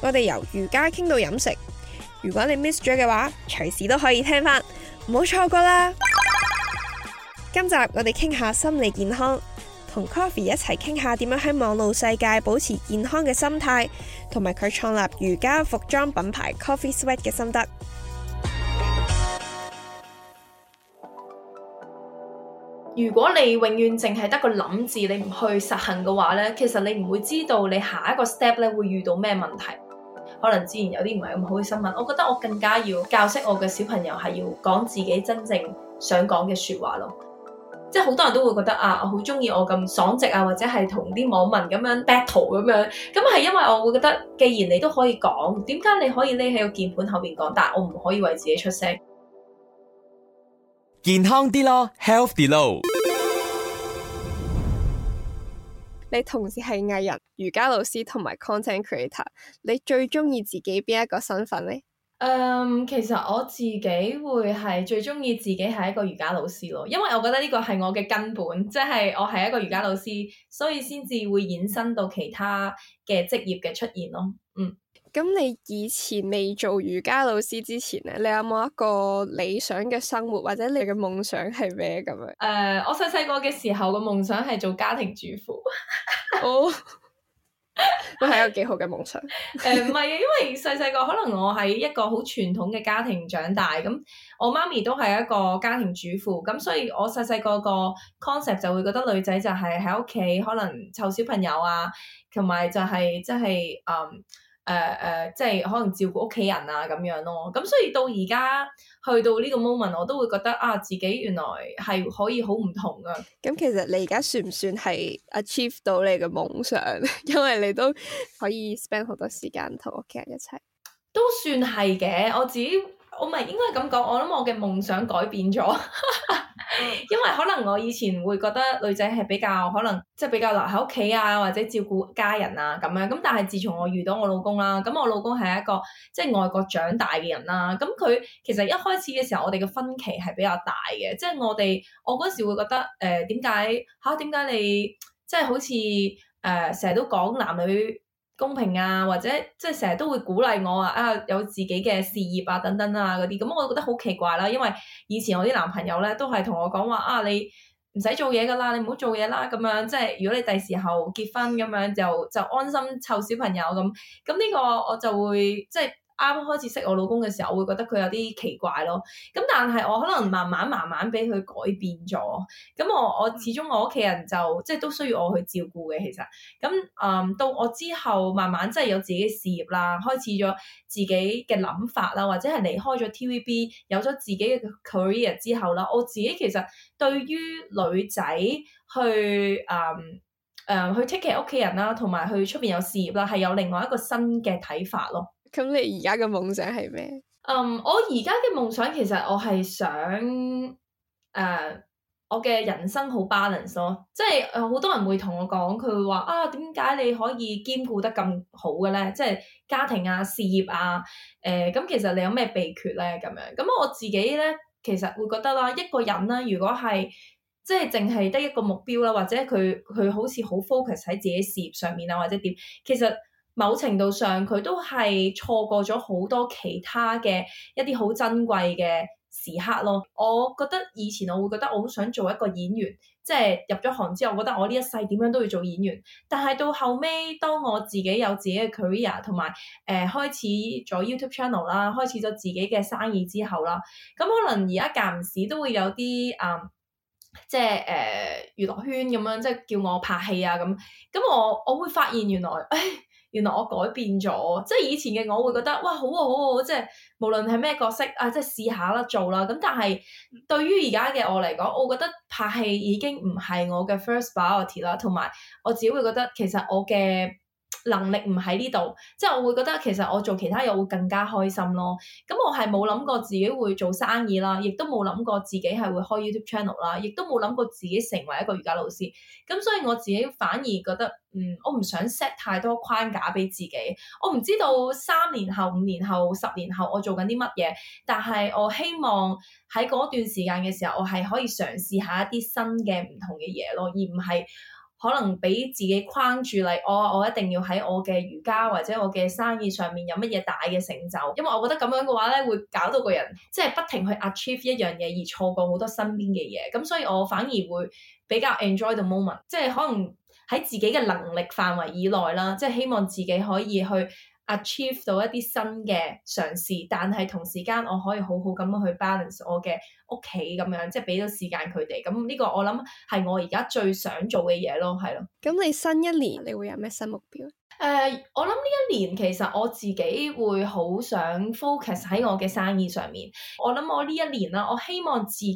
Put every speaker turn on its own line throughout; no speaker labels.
我哋由瑜伽傾到飲食，如果你 miss 咗嘅話，隨時都可以聽翻，唔好錯過啦。 今集我哋傾下心理健康，同 Coffee 一齊傾下點樣喺網絡世界保持健康嘅心態，同埋佢創立瑜伽服裝品牌 Coffee Sweat 嘅心得。
如果你永遠淨係得個諗字，你唔去實行嘅話呢，其實你唔會知道你下一個 step 咧會遇到咩問題。可能之前有啲唔係咁好嘅新聞，我覺得我更加要教識我嘅小朋友係要講自己真正想講嘅説話咯。即係好多人都會覺得啊，我好中意我咁爽直啊，或者係同啲網民咁樣 battle 咁樣，咁係因為我會覺得，既然你都可以講，點解你可以匿喺個鍵盤後面講，但我唔可以為自己出聲？健康啲咯，healthy 咯。
你同時係藝人、瑜伽老師同埋 content creator，你最中意自己邊一個身份呢？嗯，um, 其實我自己會係
最中意自己係一個瑜伽老師咯，因為我覺得呢個係我嘅根本，即係我係一個瑜伽老師，所以先至會衍生到其他嘅職業嘅出現咯，嗯。
咁你以前未做瑜伽老師之前咧，你有冇一個理想嘅生活，或者你嘅夢想係咩咁樣？
誒，uh, 我細細個嘅時候嘅夢想係做家庭主婦。
哦，會係一個幾好嘅夢想。誒，
唔係啊，因為細細個可能我喺一個好傳統嘅家庭長大，咁我媽咪都係一個家庭主婦，咁所以我細細個個 concept 就會覺得女仔就係喺屋企可能湊小朋友啊，同埋就係即係誒。就是就是嗯誒誒，uh, uh, 即係可能照顧屋企人啊咁樣咯，咁、嗯、所以到而家去到呢個 moment，我都會覺得啊，自己原來係可以好唔同㗎。
咁、嗯、其實你而家算唔算係 achieve 到你嘅夢想？ 因為你都可以 spend 好多時間同屋企人一齊，
都算係嘅，我自己。我唔係，應該係咁講，我諗我嘅夢想改變咗， 因為可能我以前會覺得女仔係比較可能即係比較留喺屋企啊，或者照顧家人啊咁樣。咁但係自從我遇到我老公啦，咁我老公係一個即係外國長大嘅人啦。咁佢其實一開始嘅時候，我哋嘅分歧係比較大嘅，即係我哋我嗰時會覺得誒，點解嚇點解你即係好似誒成日都講男女。公平啊，或者即係成日都會鼓勵我啊，啊有自己嘅事業啊等等啊嗰啲，咁我覺得好奇怪啦、啊，因為以前我啲男朋友咧都係同我講話啊，你唔使做嘢噶啦，你唔好做嘢啦，咁樣即係如果你第時候結婚咁樣就就安心湊小朋友咁，咁呢個我就會即係。啱啱開始識我老公嘅時候，我會覺得佢有啲奇怪咯。咁但係我可能慢慢慢慢俾佢改變咗。咁我我始終我屋企人就即係都需要我去照顧嘅，其實。咁啊、嗯，到我之後慢慢真係有自己嘅事業啦，開始咗自己嘅諗法啦，或者係離開咗 TVB，有咗自己嘅 career 之後啦，我自己其實對於女仔去啊誒、嗯嗯、去 take care 屋企人啦，同埋去出邊有事業啦，係有另外一個新嘅睇法咯。咁你而家嘅夢想係咩？嗯，um, 我而家嘅夢想其實我係想，誒、uh, 我嘅人生好 balance 咯，即係誒好多人會同我講，佢會話啊，點解你可以兼顧得咁好嘅咧？即係家庭啊，事業啊，誒、呃，咁其實你有咩秘訣咧？咁樣，咁、嗯、我自己咧，其實會覺得啦，一個人啦，如果係即係淨係得一個目標啦，或者佢佢好似好 focus 喺自己事業上面啊，或者點，其實。某程度上，佢都係錯過咗好多其他嘅一啲好珍貴嘅時刻咯。我覺得以前我會覺得我好想做一個演員，即係入咗行之後，我覺得我呢一世點樣都要做演員。但係到後尾，當我自己有自己嘅 career 同埋誒開始咗 YouTube channel 啦，開始咗自己嘅生意之後啦，咁可能而家間唔時都會有啲啊、嗯，即係誒、呃、娛樂圈咁樣，即係叫我拍戲啊咁。咁我我會發現原來，誒、哎、～原來我改變咗，即係以前嘅我會覺得，哇，好啊好啊，好！即係無論係咩角色啊，即係試下啦，做啦。咁但係對於而家嘅我嚟講，我覺得拍戲已經唔係我嘅 first priority 啦，同埋我自己會覺得其實我嘅能力唔喺呢度，即係我會覺得其實我做其他嘢會更加開心咯。咁我係冇諗過自己會做生意啦，亦都冇諗過自己係會開 YouTube channel 啦，亦都冇諗過自己成為一個瑜伽老師。咁所以我自己反而覺得，嗯，我唔想 set 太多框架俾自己。我唔知道三年後、五年後、十年後我做緊啲乜嘢，但係我希望喺嗰段時間嘅時候，我係可以嘗試下一啲新嘅唔同嘅嘢咯，而唔係。可能俾自己框住嚟，我、哦、我一定要喺我嘅瑜伽或者我嘅生意上面有乜嘢大嘅成就，因為我覺得咁樣嘅話咧，會搞到個人即係不停去 achieve 一樣嘢，而錯過好多身邊嘅嘢。咁所以我反而會比較 enjoy the moment，即係可能喺自己嘅能力範圍以內啦，即係希望自己可以去，achieve 到一啲新嘅嘗試，但係同時間我可以好好咁去 balance 我嘅屋企咁樣，即係俾到時間佢哋。咁呢個我諗係我而家最想做嘅嘢咯，係咯。
咁你新一年，你會有咩新目標？誒
，uh, 我諗呢一年其實我自己會好想 focus 喺我嘅生意上面。我諗我呢一年啦，我希望自己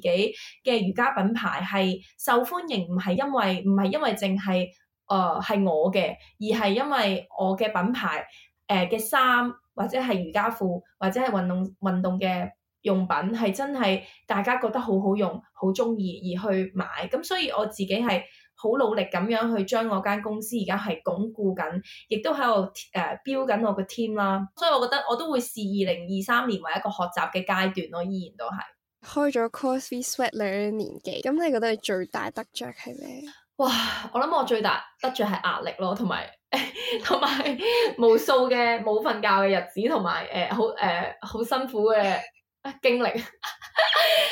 嘅瑜伽品牌係受歡迎，唔係因為，唔係因為淨係，誒、uh, 係我嘅，而係因為我嘅品牌。誒嘅衫或者係瑜伽褲或者係運動運動嘅用品，係真係大家覺得好好用、好中意而去買，咁所以我自己係好努力咁樣去將我間公司而家係鞏固緊，亦都喺度誒標緊我個 team 啦。所以我覺得我都會視二零二三年為一個學習嘅階段咯，依然都係
開咗 Coffee Sweat 兩年幾。咁你覺得你最大得着係咩？哇！我
諗我最大得着係壓力咯，同埋同埋無數嘅冇瞓覺嘅日子，同埋誒好誒好辛苦嘅經歷。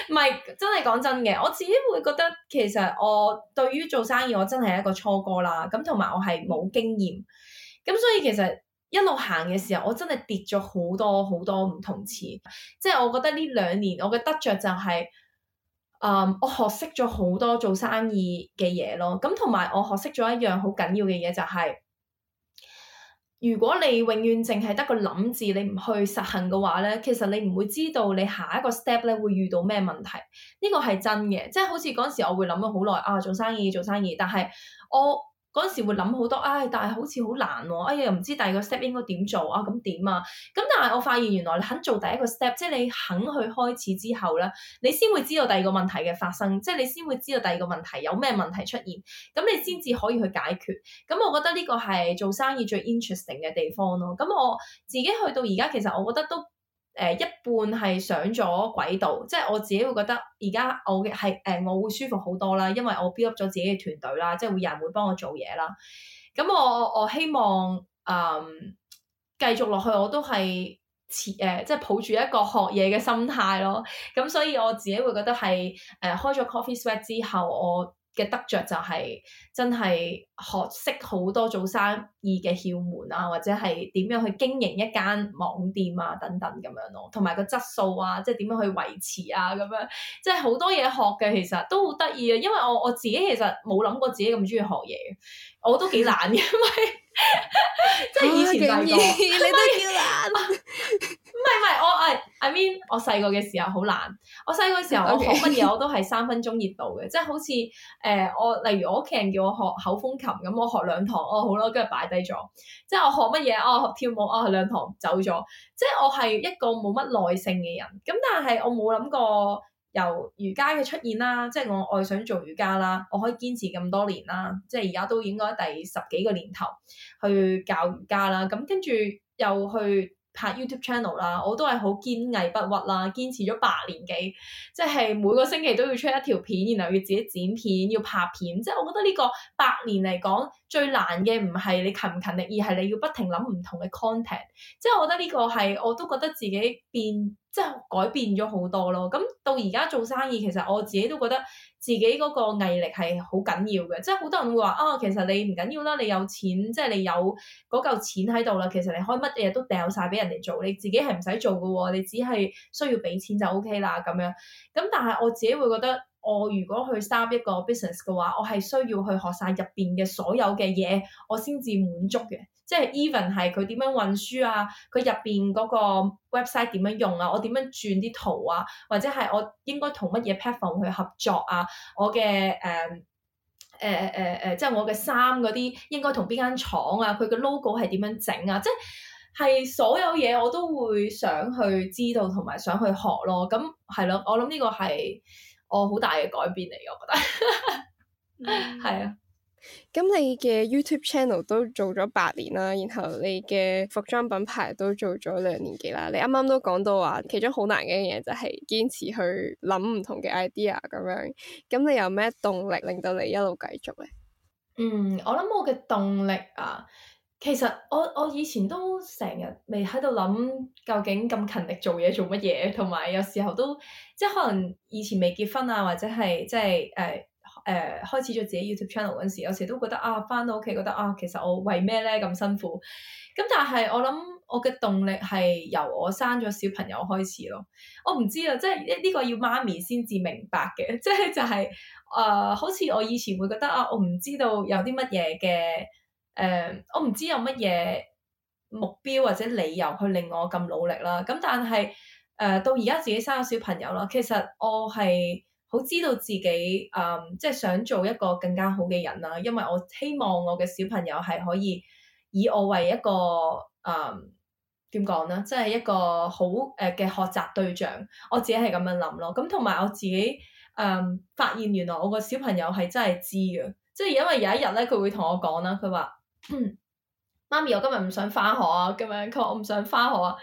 唔 係真係講真嘅，我自己會覺得其實我對於做生意我真係一個初哥啦。咁同埋我係冇經驗，咁所以其實一路行嘅時候，我真係跌咗好多好多唔同次。即係我覺得呢兩年我嘅得着就係。啊！Um, 我學識咗好多做生意嘅嘢咯，咁同埋我學識咗一樣好緊要嘅嘢就係，如果你永遠淨係得個諗字，你唔去實行嘅話咧，其實你唔會知道你下一個 step 咧會遇到咩問題，呢個係真嘅，即係好似嗰陣時我會諗咗好耐啊，做生意，做生意，但係我。嗰陣時會諗好多，唉、哎！但係好似好難喎，哎呀，又唔知第二個 step 應該點做啊？咁點啊？咁但係我發現原來你肯做第一個 step，即係你肯去開始之後咧，你先會知道第二個問題嘅發生，即係你先會知道第二個問題有咩問題出現，咁你先至可以去解決。咁我覺得呢個係做生意最 interesting 嘅地方咯。咁我自己去到而家，其實我覺得都～誒、呃、一半係上咗軌道，即係我自己會覺得而家我嘅係誒，我會舒服好多啦，因為我 build 咗自己嘅團隊啦，即係會有人會幫我做嘢啦。咁我我希望誒、呃、繼續落去，我都係持誒，即係抱住一個學嘢嘅心態咯。咁所以我自己會覺得係誒、呃、開咗 Coffee Sweat 之後我嘅得着就係、是、真係學識好多做生意嘅竅門啊，或者係點樣去經營一間網店啊等等咁樣咯，同埋個質素啊，即係點樣去維持啊咁樣，即係好多嘢學嘅其實都好得意啊，因為我我自己其實冇諗過自己咁中意學嘢，我都幾懶嘅，唔係，即係以前細個， 你都叫懶，唔係唔係，我係 I, I mean 我細個嘅時候好懶。我細個時候，我學乜嘢我都係三分鐘熱度嘅， 即係好似誒、呃、我例如我屋企人叫我學口風琴咁，我學兩堂哦，好啦，跟住擺低咗。即係我學乜嘢哦，學跳舞哦，學兩堂走咗。即係我係一個冇乜耐性嘅人，咁但係我冇諗過由瑜伽嘅出現啦，即係我愛想做瑜伽啦，我可以堅持咁多年啦，即係而家都應該第十幾個年頭去教瑜伽啦。咁跟住又去。拍 YouTube channel 啦，我都係好堅毅不屈啦，堅持咗八年幾，即係每個星期都要出一條片，然後要自己剪片，要拍片，即係我覺得呢個八年嚟講最難嘅唔係你勤唔勤力，而係你要不停諗唔同嘅 content，即係我覺得呢個係我都覺得自己變即係改變咗好多咯，咁到而家做生意其實我自己都覺得。自己嗰個毅力係好緊要嘅，即係好多人會話啊、哦，其實你唔緊要啦，你有錢，即係你有嗰嚿錢喺度啦，其實你開乜嘢都掉晒俾人哋做，你自己係唔使做噶喎，你只係需要俾錢就 O K 啦咁樣。咁但係我自己會覺得，我如果去 start 一個 business 嘅話，我係需要去學晒入邊嘅所有嘅嘢，我先至滿足嘅。即係 even 係佢點樣運輸啊，佢入邊嗰個 website 點樣用啊，我點樣轉啲圖啊，或者係我應該同乜嘢 platform 去合作啊，我嘅誒誒誒誒，即係我嘅衫嗰啲應該同邊間廠啊，佢嘅 logo 係點樣整啊，即係所有嘢我都會想去知道同埋想去學咯，咁係咯，我諗呢個係我好大嘅改變嚟，我覺得、 嗯，係啊。
咁你嘅 YouTube channel 都做咗八年啦，然後你嘅服裝品牌都做咗兩年幾啦。你啱啱都講到話，其中好難嘅一樣嘢就係堅持去諗唔同嘅 idea 咁樣。咁你有咩動力令到你一路繼續咧？嗯，
我諗我嘅動力啊，其實我我以前都成日未喺度諗究竟咁勤力做嘢做乜嘢，同埋有，有時候都即係可能以前未結婚啊，或者係即係誒。呃誒、呃、開始咗自己 YouTube channel 嗰時，有時都覺得啊，翻到屋企覺得啊，其實我為咩咧咁辛苦？咁但係我諗我嘅動力係由我生咗小朋友開始咯。我唔知啊，即係呢個要媽咪先至明白嘅，即係就係、是、誒、呃，好似我以前會覺得啊，我唔知道有啲乜嘢嘅誒，我唔知有乜嘢目標或者理由去令我咁努力啦。咁但係誒、呃、到而家自己生咗小朋友啦，其實我係。好知道自己，誒、嗯，即係想做一個更加好嘅人啦，因為我希望我嘅小朋友係可以以我為一個，誒、嗯，點講呢？即係一個好誒嘅、呃、學習對象，我自己係咁樣諗咯。咁同埋我自己，誒、嗯，發現原來我個小朋友係真係知嘅，即係因為有一日咧，佢會同我講啦，佢、嗯、話：媽咪，我今日唔想返學啊，咁樣，佢話我唔想返學啊。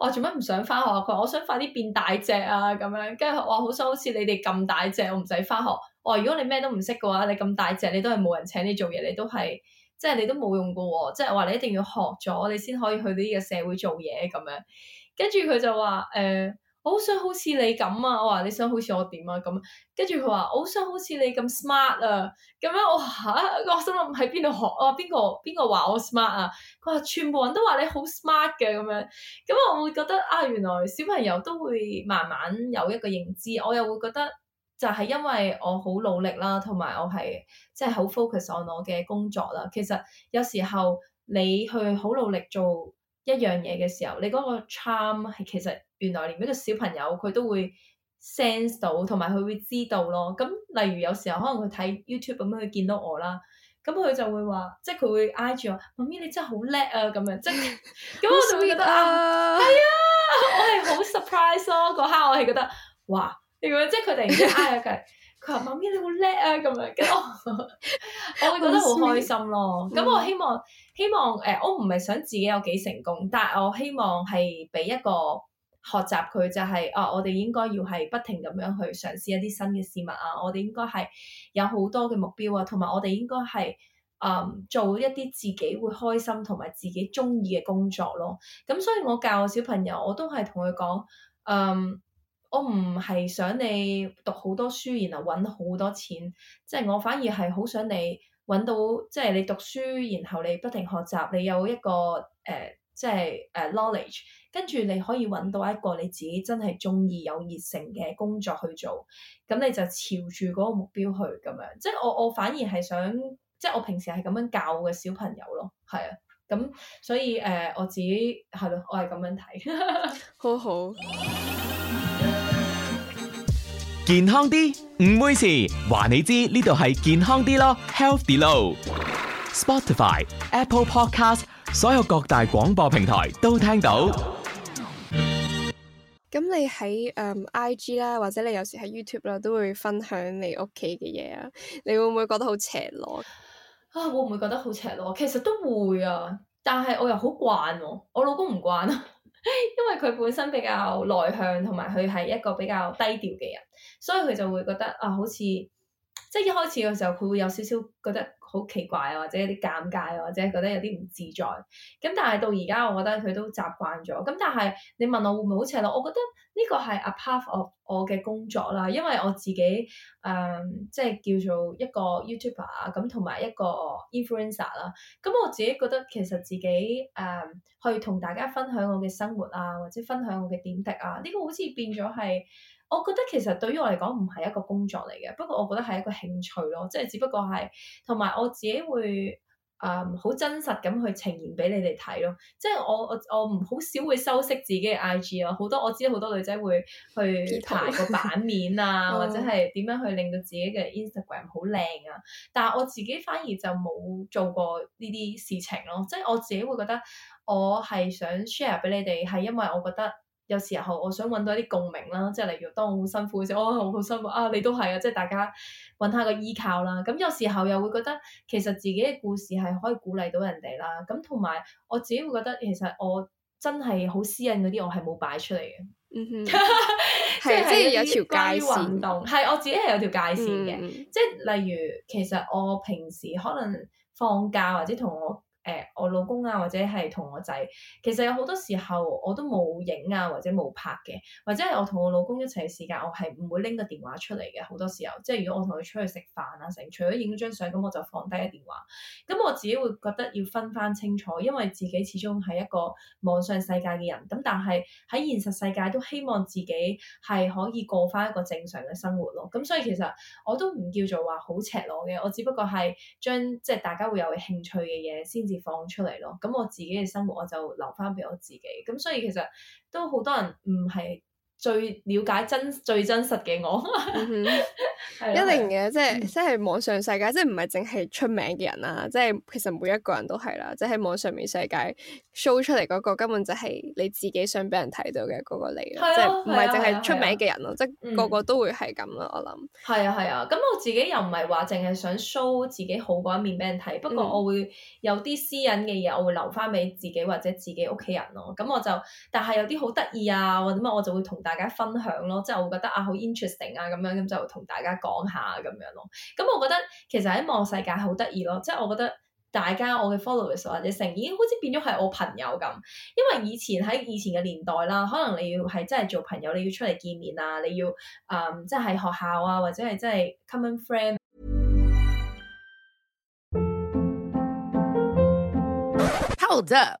我做乜唔想翻學啊？佢話我想快啲變大隻啊，咁樣。跟住我好想好似你哋咁大隻，我唔使翻學。我、哦、話如果你咩都唔識嘅話，你咁大隻你都係冇人請你做嘢，你都係即係你都冇用噶喎、哦。即係話你一定要學咗，你先可以去到呢個社會做嘢咁樣。跟住佢就話誒。呃我好想好似你咁啊！我話你想好似我點啊咁，跟住佢話我好想好似你咁 smart 啊！咁樣我嚇，我心諗喺邊度學？我話邊個邊個話我 smart 啊？佢話全部人都話你好 smart 嘅咁樣，咁我會覺得啊，原來小朋友都會慢慢有一個認知，我又會覺得就係因為我好努力啦，同埋我係即係好 focus on 我嘅工作啦。其實有時候你去好努力做。一樣嘢嘅時候，你嗰個 charm 係其實原來連一個小朋友佢都會 sense 到，同埋佢會知道咯。咁例如有時候可能佢睇 YouTube 咁樣，佢見到我啦，咁佢就會話，即係佢會挨住我，媽咪你真係好叻啊咁樣，即係咁我就會覺得 啊，係啊，我係好 surprise 咯，嗰刻我係覺得，哇，點解即係佢突然之間挨一句？ 佢話：媽咪你好叻啊，咁樣， 我我會覺得好開心咯。咁我，我希望希望誒，我唔係想自己有幾成功，但係我希望係俾一個學習佢就係、是，哦、啊，我哋應該要係不停咁樣去嘗試一啲新嘅事物啊，我哋應該係有好多嘅目標啊，同埋我哋應該係啊、嗯、做一啲自己會開心同埋自己中意嘅工作咯。咁所以我教我小朋友，我都係同佢講，嗯。我唔係想你讀好多書，然後揾好多錢，即係我反而係好想你揾到，即係你讀書，然後你不停學習，你有一個誒，即係誒 knowledge，跟住你可以揾到一個你自己真係中意、有熱誠嘅工作去做，咁你就朝住嗰個目標去咁樣，即係我我反而係想，即係我平時係咁樣教嘅小朋友咯，係啊，咁所以誒、呃，我自己係咯，我係咁樣睇， 好好。健康啲唔會事，話你知呢度係健康啲咯。Healthy Low，Spotify、Apple Podcast，所有各大廣播平台都聽到。
咁你喺誒 IG 啦，或者你有時喺 YouTube 啦，都會分享你屋企嘅嘢啊。你會唔會覺得好赤裸
啊？會唔會覺得好赤裸？其實都會啊，但係我又好慣喎。我老公唔慣啊。因為佢本身比較內向，同埋佢係一個比較低調嘅人，所以佢就會覺得啊，好似即係一開始嘅時候，佢會有少少覺得。好奇怪啊，或者有啲尷尬啊，或者覺得有啲唔自在。咁但係到而家，我覺得佢都習慣咗。咁但係你問我會唔會好赤裸？我覺得呢個係 a part of 我嘅工作啦，因為我自己誒、呃、即係叫做一個 YouTuber 啊，咁同埋一個 Influencer 啦、啊。咁、啊嗯、我自己覺得其實自己誒、呃、去同大家分享我嘅生活啊，或者分享我嘅點滴啊，呢、這個好似變咗係。我覺得其實對於我嚟講唔係一個工作嚟嘅，不過我覺得係一個興趣咯，即係只不過係同埋我自己會，誒、呃、好真實咁去呈現俾你哋睇咯，即係我我我唔好少會修飾自己嘅 IG 啊，好多我知好多女仔會去 P 圖，排個版面啊， 或者係點樣去令到自己嘅 Instagram 好靚啊，但係我自己反而就冇做過呢啲事情咯，即係我自己會覺得我係想 share 俾你哋係因為我覺得。有時候我想揾到一啲共鳴啦，即係例如當我好辛苦嘅時候，哦，我係好辛苦啊，你都係啊，即係大家揾下一個依靠啦。咁有時候又會覺得其實自己嘅故事係可以鼓勵到人哋啦。咁同埋我自己會覺得其實我真係好私隱嗰啲，我係冇擺出嚟嘅。即係有條界線，係我自己係有條界線嘅。嗯、即係例如，其實我平時可能放假或者同我。誒、呃，我老公啊，或者係同我仔，其實有好多時候我都冇影啊，或者冇拍嘅，或者係我同我老公一齊嘅時間，我係唔會拎個電話出嚟嘅。好多時候，即係如果我同佢出去食飯啊，成除咗影一張相，咁我就放低個電話。咁我自己會覺得要分翻清楚，因為自己始終係一個網上世界嘅人。咁但係喺現實世界都希望自己係可以過翻一個正常嘅生活咯。咁所以其實我都唔叫做話好赤裸嘅，我只不過係將即係大家會有興趣嘅嘢先至放出嚟咯，咁我自己嘅生活我就留翻俾我自己，咁所以其實都好多人唔係最了解真最真實嘅我
的，
一定嘅，
就是嗯、即係即係網上世界，即係唔係淨係出名嘅人啊，嗯、即係其實每一個人都係啦，即係喺網上面世界 show 出嚟，嗰個根本就係你自己想俾人睇到嘅嗰個你，即係唔係淨係出名嘅人咯，即係個個都會係咁啊，我諗。
係啊係啊，咁，嗯、我自己又唔係話淨係想 show 自己好嗰一面俾人睇，不過我會有啲私隱嘅嘢，我會留翻俾自己或者自己屋企人咯。咁我就，但係有啲好得意啊，或者乜我就會同大家分享咯，即係我會覺得啊好 interesting 啊咁樣，咁就同大家講下咁樣咯。咁我覺得,、啊啊、我覺得其實喺網世界好得意咯，即係我覺得大家我嘅 followers 或者成，已經好似變咗係我朋友咁。因為以前喺以前嘅年代啦，可能你要係真係做朋友，你要出嚟見面啊，你要誒、呃、即係喺學校啊，或者係真係 common friend。Hold
up。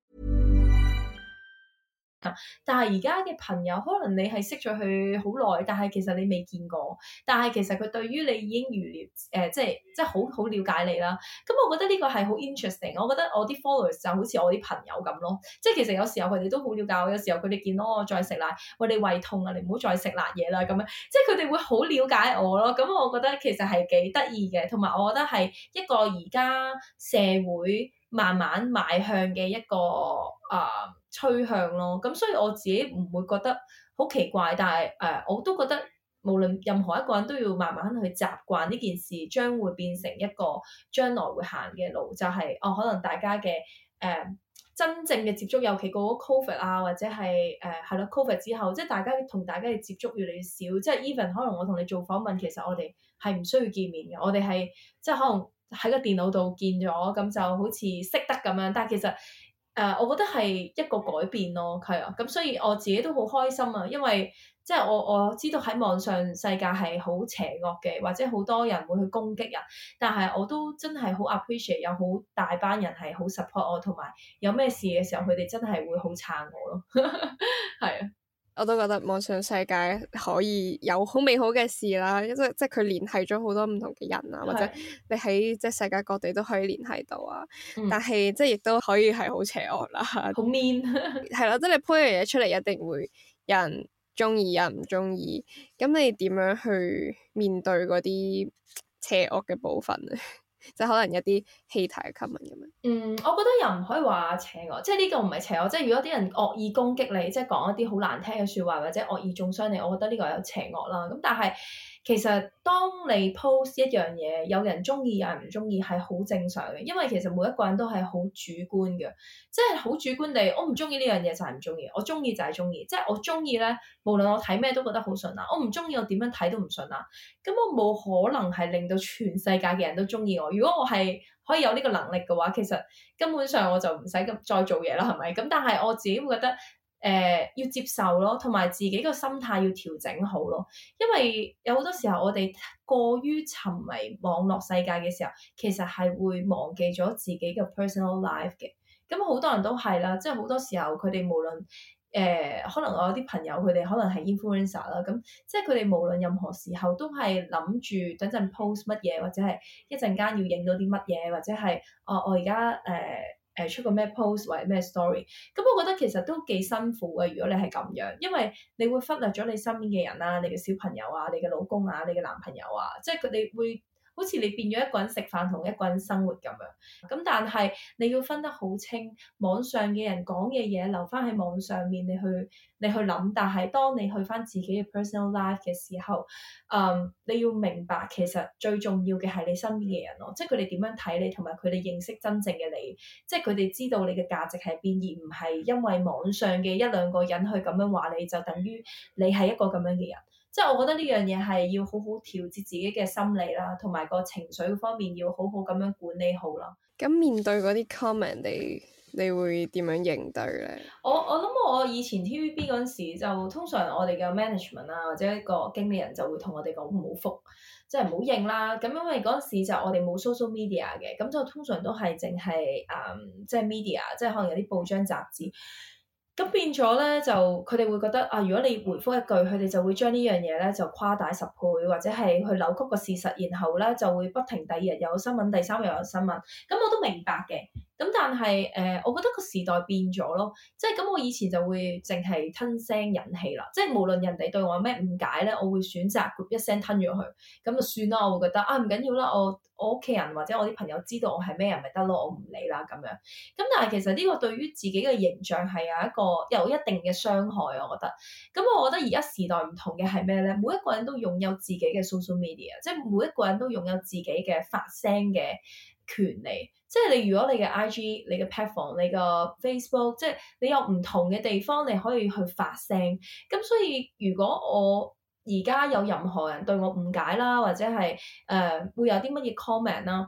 但係而家嘅朋友，可能你係識咗佢好耐，但係其實你未見過，但係其實佢對於你已經預料，誒、呃，即係即係好好了解你啦。咁我覺得呢個係好 interesting。我覺得我啲 followers 就好似我啲朋友咁咯，即係其實有時候佢哋都好了解我，有時候佢哋見到我再食辣，我哋胃痛啊，你唔好再食辣嘢啦，咁樣，即係佢哋會好了解我咯。咁、嗯、我覺得其實係幾得意嘅，同埋我覺得係一個而家社會慢慢邁向嘅一個啊。呃趨向咯，咁所以我自己唔會覺得好奇怪，但係誒、呃、我都覺得無論任何一個人都要慢慢去習慣呢件事，將會變成一個將來會行嘅路，就係、是、哦可能大家嘅誒、呃、真正嘅接觸，尤其過咗 COVID 啊，或者係誒係、呃、咯 COVID 之後，即係大家同大家嘅接觸越嚟越少，即係 even 可能我同你做訪問，其實我哋係唔需要見面嘅，我哋係即係可能喺個電腦度見咗，咁就好似識得咁樣，但係其實。誒，uh, 我覺得係一個改變咯，係啊，咁所以我自己都好開心啊，因為即係我我知道喺網上世界係好邪惡嘅，或者好多人會去攻擊人，但係我都真係好 appreciate 有好大班人係好 support 我，同埋有咩事嘅時候，佢哋真係會好撐我咯，
係啊。我都覺得網上世界可以有好美好嘅事啦，即即佢聯繫咗好多唔同嘅人啊，的或者你喺即世界各地都可以聯繫到啊。嗯、但係即亦都可以係好邪惡啦。好 mean。係咯，即你 po 嘢出嚟一定會有人中意，有人唔中意。咁你點樣去面對嗰啲邪惡嘅部分咧？即係可能一啲氣體嘅吸聞咁樣，
嗯，我覺得又唔可以話邪惡，即係呢個唔係邪惡，即係如果啲人惡意攻擊你，即係講一啲好難聽嘅說話或者惡意中傷你，我覺得呢個有邪惡啦，咁但係。其實當你 post 一樣嘢，有人中意，有人唔中意，係好正常嘅。因為其實每一個人都係好主觀嘅，即係好主觀地，我唔中意呢樣嘢就係唔中意，我中意就係中意。即係我中意咧，無論我睇咩都覺得好順啦。我唔中意，我點樣睇都唔順啦。咁我冇可能係令到全世界嘅人都中意我。如果我係可以有呢個能力嘅話，其實根本上我就唔使咁再做嘢啦，係咪？咁但係我自己會覺得。誒、呃、要接受咯，同埋自己個心態要調整好咯，因為有好多時候我哋過於沉迷網絡世界嘅時候，其實係會忘記咗自己嘅 personal life 嘅。咁、嗯、好多人都係啦，即係好多時候佢哋無論誒、呃，可能我有啲朋友佢哋可能係 influencer 啦，咁、嗯、即係佢哋無論任何時候都係諗住等陣 post 乜嘢，或者係一陣間要影到啲乜嘢，或者係哦、啊、我而家誒、呃誒、呃、出個咩 post 或者咩 story，咁、嗯、我覺得其實都幾辛苦嘅。如果你係咁樣，因為你會忽略咗你身邊嘅人啦、啊，你嘅小朋友啊，你嘅老公啊，你嘅男朋友啊，即係佢哋會。好似你變咗一個人食飯同一個人生活咁樣，咁但係你要分得好清，網上嘅人講嘅嘢留翻喺網上面，你去你去諗。但係當你去翻自己嘅 personal life 嘅時候，嗯，你要明白其實最重要嘅係你身邊嘅人咯，即係佢哋點樣睇你，同埋佢哋認識真正嘅你，即係佢哋知道你嘅價值係邊，而唔係因為網上嘅一兩個人去咁樣話你就，就等於你係一個咁樣嘅人。即係我覺得呢樣嘢係要好好調節自己嘅心理啦，同埋個情緒方面要好好咁樣管理好啦。
咁面對嗰啲 comment 你，你會點樣應對咧？
我我諗我以前 TVB 嗰陣時就通常我哋嘅 management 啊或者一個經理人就會同我哋講唔好覆，即係唔好應啦。咁因為嗰陣時就我哋冇 social media 嘅，咁就通常都係淨係誒即係 media，即係可能有啲報章雜誌。咁變咗咧，就佢哋會覺得啊，如果你回覆一句，佢哋就會將呢樣嘢咧就誇大十倍，或者係去扭曲個事實，然後咧就會不停第二日有新聞，第三日有新聞。咁我都明白嘅。咁但係誒、呃，我覺得個時代變咗咯，即係咁我以前就會淨係吞聲忍氣啦，即係無論人哋對我有咩誤解咧，我會選擇一聲吞咗佢，咁就算啦，我會覺得啊唔緊要啦，我我屋企人或者我啲朋友知道我係咩人咪得咯，我唔理啦咁樣。咁但係其實呢個對於自己嘅形象係有一個有一定嘅傷害，我覺得。咁我覺得而家時代唔同嘅係咩咧？每一個人都擁有自己嘅 social media，即係每一個人都擁有自己嘅發聲嘅權利。即係你如果你嘅 IG、你嘅 platform、你嘅 Facebook，即係你有唔同嘅地方，你可以去發聲。咁所以如果我而家有任何人對我誤解啦，或者係誒、呃、會有啲乜嘢 comment 啦，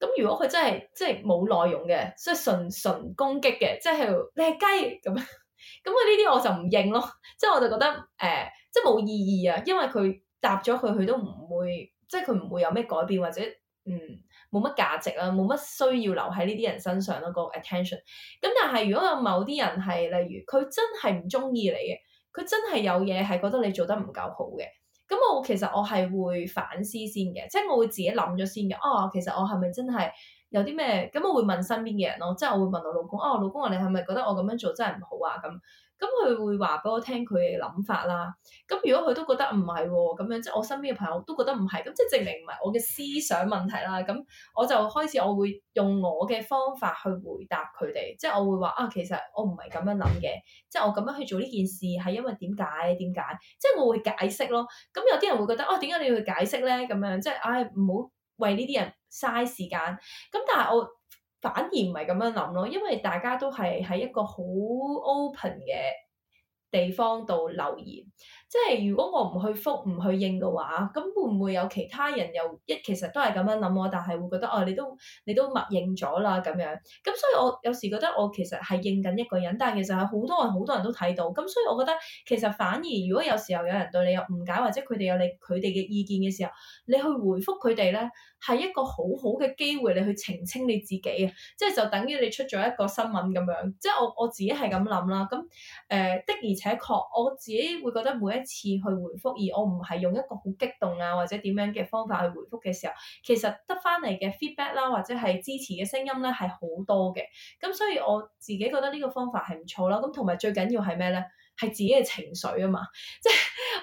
咁如果佢真係即係冇內容嘅，即係純純攻擊嘅，即、就、係、係、你係雞咁樣，咁佢呢啲我就唔應咯。即係我就覺得誒、呃，即係冇意義啊，因為佢答咗佢，佢都唔會，即係佢唔會有咩改變或者嗯。冇乜價值啊，冇乜需要留喺呢啲人身上咯，嗰個 attention。咁但係如果有某啲人係，例如佢真係唔中意你嘅，佢真係有嘢係覺得你做得唔夠好嘅，咁我其實我係會反思先嘅，即係我會自己諗咗先嘅，哦，其實我係咪真係？有啲咩？咁我會問身邊嘅人咯，即係我會問我老公，啊我老公話你係咪覺得我咁樣做真係唔好啊？咁，咁佢會話俾我聽佢嘅諗法啦。咁如果佢都覺得唔係喎，咁樣即係我身邊嘅朋友都覺得唔係，咁即係證明唔係我嘅思想問題啦。咁我就開始我會用我嘅方法去回答佢哋，即係我會話啊，其實我唔係咁樣諗嘅，即係我咁樣去做呢件事係因為點解點解，即係我會解釋咯。咁有啲人會覺得啊，點解你要去解釋咧？咁樣，即係唉唔好為呢啲人。嘥時間，咁但係我反而唔係咁樣諗囉，因為大家都係喺一個好 open 嘅地方度留言。即係如果我唔去覆唔去應嘅話，咁會唔會有其他人又一其實都係咁樣諗我，但係會覺得哦你都你都默認咗啦咁樣，咁所以我有時覺得我其實係應緊一個人，但係其實係好多人好多人都睇到，咁所以我覺得其實反而如果有時候有人對你有誤解或者佢哋有你佢哋嘅意見嘅時候，你去回覆佢哋咧係一個好好嘅機會你去澄清你自己啊，即係就等於你出咗一個新聞咁樣，即係我我自己係咁諗啦，咁誒的而且確我自己會覺得每一。一次去回覆，而我唔係用一個好激動啊或者點樣嘅方法去回覆嘅時候，其實得翻嚟嘅 feedback 啦或者係支持嘅聲音咧係好多嘅。咁所以我自己覺得呢個方法係唔錯啦。咁同埋最緊要係咩咧？係自己嘅情緒啊嘛。即係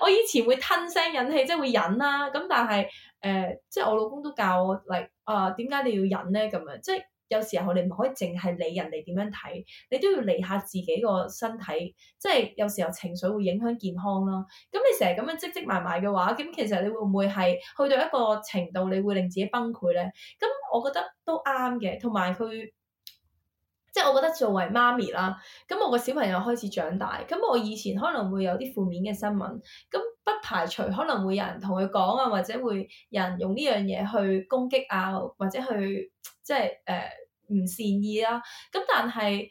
我以前會吞聲忍氣，即係會忍啦、啊。咁但係誒、呃，即係我老公都教我嚟啊，點解你要忍咧？咁樣即係。有時候你唔可以淨係理人哋點樣睇，你都要理下自己個身體，即係有時候情緒會影響健康囉。咁你成日咁樣積積埋埋嘅話，咁其實你會唔會係去到一個程度，你會令自己崩潰咧？咁我覺得都啱嘅，同埋佢。即係我覺得作為媽咪啦，咁我個小朋友開始長大，咁我以前可能會有啲負面嘅新聞，咁不排除可能會有人同佢講啊，或者會有人用呢樣嘢去攻擊啊，或者去即係誒唔善意啦、啊。咁但係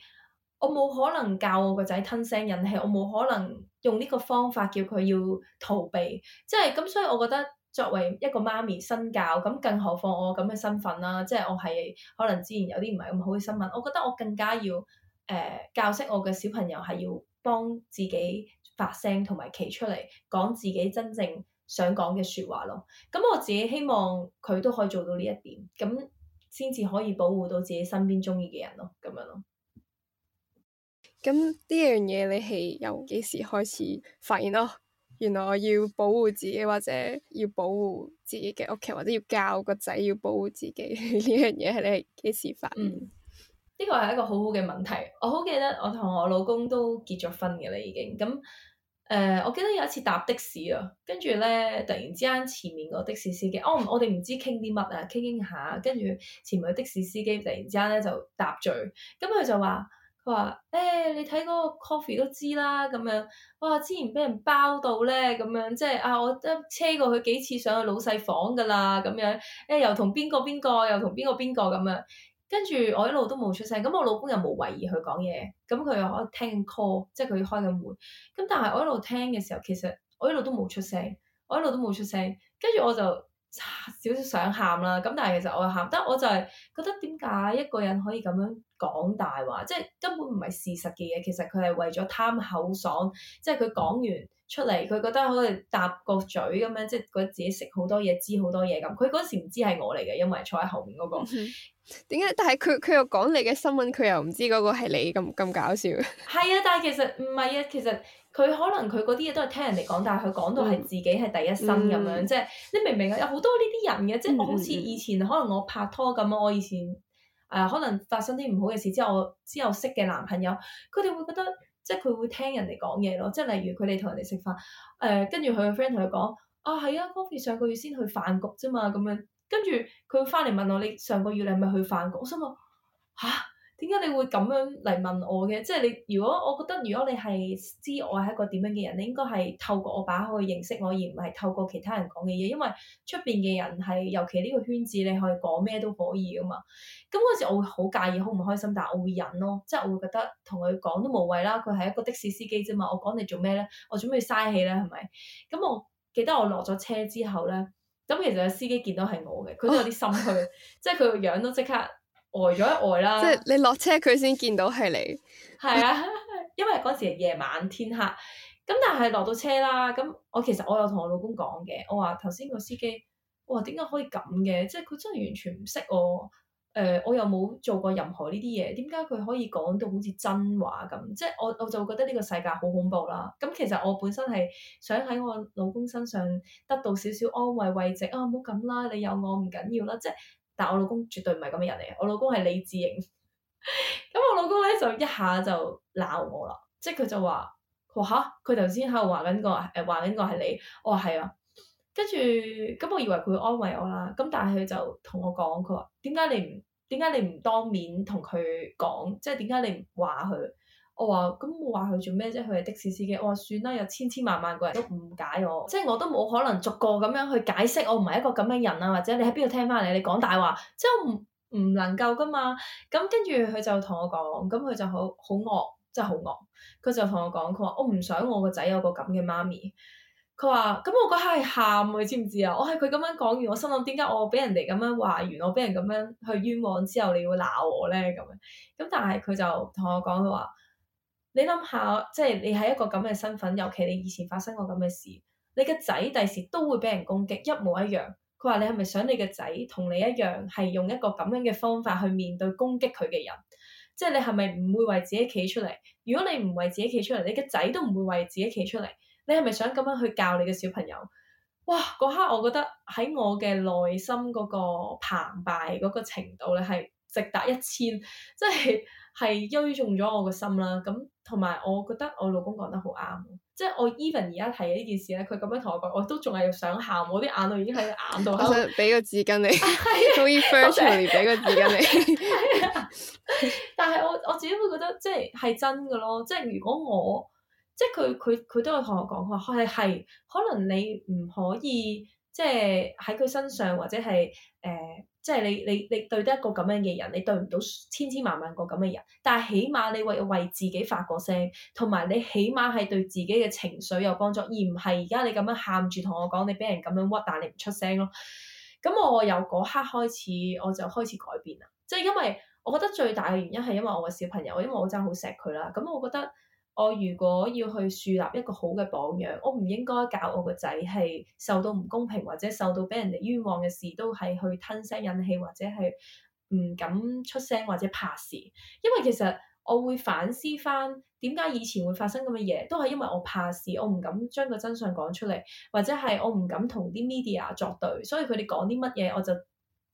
我冇可能教我個仔吞聲忍氣，我冇可能用呢個方法叫佢要逃避。即係咁，所以我覺得，作為一個媽咪身教，咁更何況我咁嘅身份啦，即係我係可能之前有啲唔係咁好嘅新聞，我覺得我更加要誒、呃、教識我嘅小朋友係要幫自己發聲同埋企出嚟講自己真正想講嘅說話咯。咁我自己希望佢都可以做到呢一點，咁先至可以保護到自己身邊中意嘅人咯，咁樣咯。
咁呢樣嘢你係由幾時開始發現咯？原來我要保護自己，或者要保護自己嘅屋企，或者要教個仔要保護自己呢樣嘢，係你幾時發現？
呢個係一個好好嘅問題。我好記得，我同我老公都結咗婚嘅啦，已經咁。誒、呃，我記得有一次搭的士啊，跟住咧突然之間前面個的士司機，哦、我我哋唔知傾啲乜啊，傾傾下，跟住前面個的士司機突然之間咧就搭嘴，咁佢就話。佢話、欸：，你睇嗰個 coffee 都知啦，咁樣，哇，之前俾人包到咧，咁樣，即係啊，我都車過佢幾次上去老細房㗎啦，咁樣，誒、欸，又同邊個邊個，又同邊個邊個咁樣，跟住我一路都冇出聲，咁我老公又冇為意佢講嘢，咁佢又聽緊 call，即係佢開緊門，咁但係我一路聽嘅時候，其實我一路都冇出聲，我一路都冇出聲，跟住我就。少少想喊啦，咁但係其實我又喊，得我就係覺得點解一個人可以咁樣講大話，即係根本唔係事實嘅嘢，其實佢係為咗貪口爽，即係佢講完出嚟，佢覺得好似搭個嘴咁樣，即係覺得自己食好多嘢、知好多嘢咁。佢嗰時唔知係我嚟嘅，因為坐喺後面嗰、那個。
點解、嗯？但係佢佢又講你嘅新聞，佢又唔知嗰個係你咁咁搞笑。
係啊，但係其實唔係啊，其實。佢可能佢嗰啲嘢都係聽人哋講，但係佢講到係自己係第一身咁樣，嗯、即係你明唔明啊？有好多呢啲人嘅，即係我好似以前可能我拍拖咁樣，我以前誒、呃、可能發生啲唔好嘅事之後，之後，我之後我識嘅男朋友，佢哋會覺得即係佢會聽人哋講嘢咯，即係例如佢哋同人哋食飯，誒、呃、跟住佢個 friend 同佢講，啊係啊，我哋上個月先去飯局啫嘛，咁樣跟住佢翻嚟問我你上個月你係咪去飯局，我以我吓！啊」點解你會咁樣嚟問我嘅？即係你如果我覺得如果你係知我係一個點樣嘅人，你應該係透過我把去認識我，而唔係透過其他人講嘅嘢。因為出邊嘅人係尤其呢個圈子，你可以講咩都可以噶嘛。咁嗰時我會好介意，好唔開心，但係我會忍咯。即係我會覺得同佢講都無謂啦。佢係一個的士司機啫嘛，我講你做咩咧？我準備嘥氣啦，係咪？咁我記得我落咗車之後咧，咁其實有司機見到係我嘅，佢都有啲心虛，oh. 即係佢
個樣都即刻。呆咗一呆啦，即係你落車佢先見到係你，係 啊，
因為嗰時夜晚天黑，咁但係落到車啦，咁我其實我有同我老公講嘅，我話頭先個司機，我話點解可以咁嘅？即係佢真係完全唔識我，誒、呃、我又冇做過任何呢啲嘢，點解佢可以講到好似真話咁？即係我我就覺得呢個世界好恐怖啦。咁其實我本身係想喺我老公身上得到少少安慰慰藉啊，唔好咁啦，你有我唔緊要啦，即係。但我老公絕對唔係咁嘅人嚟，我老公係李志盈，咁 我老公咧就一下就鬧我啦，即係佢就話，我嚇，佢頭先喺度話緊個，誒話緊個係你，我話係啊，跟住咁我以為佢會安慰我啦，咁但係佢就同我講，佢話點解你唔點解你唔當面同佢講，即係點解你唔話佢？我話咁我話佢做咩啫？佢係的士司機。我話算啦，有千千萬萬個人都誤解我，即係我都冇可能逐個咁樣去解釋，我唔係一個咁嘅人啊！或者你喺邊度聽翻嚟？你講大話，即係唔唔能夠噶嘛？咁跟住佢就同我講，咁佢就好好惡，真係好惡。佢就同我講，佢話我唔想我個仔有個咁嘅媽咪。佢話咁我嗰刻係喊，你知唔知啊？我係佢咁樣講完，我心諗點解我俾人哋咁樣話完，我俾人咁樣去冤枉之後，你要鬧我咧咁樣？咁但係佢就同我講，佢話。你諗下，即係你係一個咁嘅身份，尤其你以前發生過咁嘅事，你嘅仔第時都會俾人攻擊，一模一樣。佢話你係咪想你嘅仔同你一樣，係用一個咁樣嘅方法去面對攻擊佢嘅人？即係你係咪唔會為自己企出嚟？如果你唔為自己企出嚟，你嘅仔都唔會為自己企出嚟。你係咪想咁樣去教你嘅小朋友？哇！嗰刻我覺得喺我嘅內心嗰個澎湃嗰個程度咧，係直達一千，即係。係優於中咗我個心啦，咁同埋我覺得我老公講得好啱，即係我 Even 而家睇嘅呢件事咧，佢咁樣同我講，我
都仲係想喊，我啲眼淚已經喺眼度。 我想俾個紙巾你。終於 first time
俾個紙巾你
啊。但係我我自己會覺得即係係真嘅咯，即係如果我，即係佢佢佢都有同我講話，係係，可能你唔可以即係喺佢身上或者係誒。呃即係你你你對得一個咁樣嘅人，你對唔到千千萬萬個咁嘅人，但係起碼你為為自己發個聲，同埋你起碼係對自己嘅情緒有幫助，而唔係而家你咁樣喊住同我講，你俾人咁樣屈，但係你唔出聲咯。咁我由嗰刻開始，我就開始改變啦。即係因為我覺得最大嘅原因係因為我個小朋友，因為我真係好錫佢啦。咁我覺得。我如果要去樹立一個好嘅榜樣，我唔應該教我個仔係受到唔公平，或者受到俾人哋冤枉嘅事都係去吞聲忍氣，或者係唔敢出聲或者怕事，因為其實我會反思翻點解以前會發生咁嘅嘢，都係因為我怕事，我唔敢將個真相講出嚟，或者係我唔敢同啲 media 作對，所以佢哋講啲乜嘢我就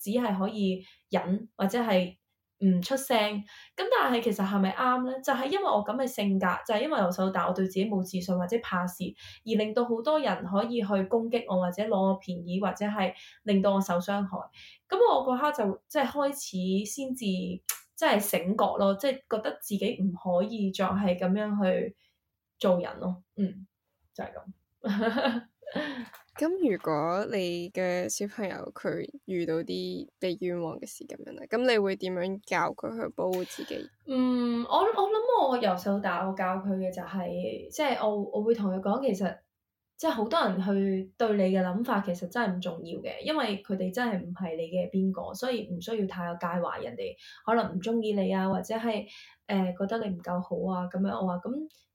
只係可以忍或者係。唔出聲，咁但係其實係咪啱呢？就係因為我咁嘅性格，就係因為由細到大我對自己冇自信或者怕事，而令到好多人可以去攻擊我，或者攞我便宜，或者係令到我受傷害。咁我嗰刻就即係開始先至即係醒覺咯，即係覺得自己唔可以再係咁樣去做人咯。嗯，就係咁。
咁如果你嘅小朋友佢遇到啲被冤枉嘅事咁樣咧，咁你會點樣教佢去保護自己？
嗯，我我諗我由細到大我教佢嘅就係、是，即係我我會同佢講，其實即係好多人去對你嘅諗法其實真係唔重要嘅，因為佢哋真係唔係你嘅邊個，所以唔需要太有介懷人哋可能唔中意你啊，或者係誒、呃、覺得你唔夠好啊咁樣我，我話咁。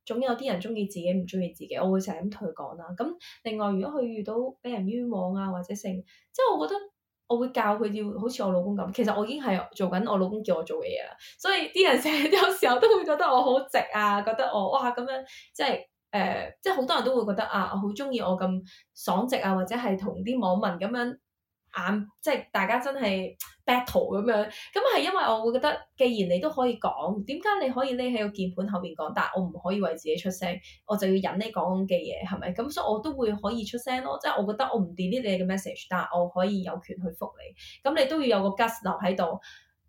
總有啲人中意自己唔中意自己，我會成日咁同佢講啦。咁另外，如果佢遇到俾人冤枉啊，或者成，即係我覺得我會教佢要好似我老公咁。其實我已經係做緊我老公叫我做嘅嘢啦。所以啲人成日有時候都會覺得我好直啊，覺得我哇咁樣，即係誒、呃，即係好多人都會覺得啊，好中意我咁爽直啊，或者係同啲網民咁樣眼，即係大家真係，Battle 咁樣，咁係因為我會覺得，既然你都可以講，點解你可以匿喺個鍵盤後邊講，但我唔可以為自己出聲，我就要忍呢講嘅嘢，係咪？咁所以我都會可以出聲咯，即係我覺得我唔 delete 你嘅 message，但係我可以有權去復你，咁你都要有個 gas 留喺度，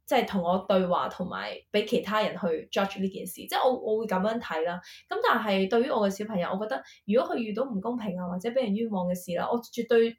即係同我對話，同埋俾其他人去 judge 呢件事，即係我我會咁樣睇啦。咁但係對於我嘅小朋友，我覺得如果佢遇到唔公平啊或者俾人冤枉嘅事啦，我絕對。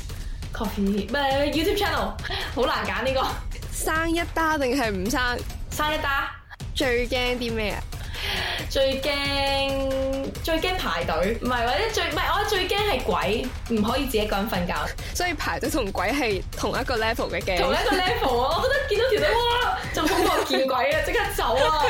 Coffee 唔係 YouTube channel，好難揀呢個。生一打定係唔生？生一打。最驚啲咩啊？最驚最驚排隊。唔係，或者最唔係，我最驚係鬼，唔可以自己一個人瞓覺。所以排隊同鬼係同一個 level 嘅驚。同一個 level 啊，我覺得見到條女哇！就恐怖見鬼啊，即刻走啊！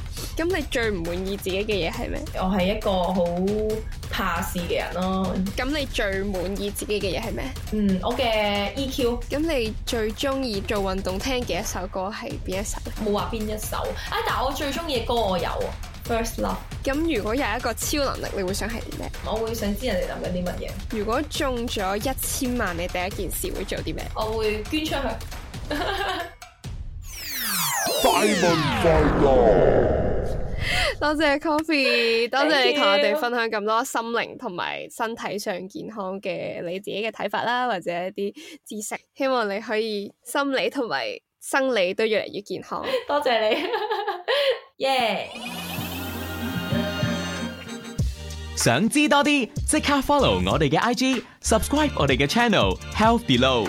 咁你最唔滿意自己嘅嘢係咩？我係一個好怕事嘅人咯、啊。咁你最滿意自己嘅嘢係咩？嗯，我嘅 EQ。咁你最中意做運動聽嘅一首歌係邊一首？冇話邊一首啊！但係我最中意嘅歌我有啊。First Love。咁如果有一個超能力，你會想係啲咩？我會想知人哋諗緊啲乜嘢。如果中咗一千萬，你第一件事會做啲咩？我會捐出去。
快問快答，
多謝 Coffee，多謝你同我哋分享咁多心靈同埋身體上健康嘅你自己嘅睇法啦，或者一啲知識，希望你可以心理同埋生理都越嚟越健康。多謝你
，Yeah，想知多啲，即刻 follow 我哋嘅 IG，subscribe 我哋嘅 channel Health Below。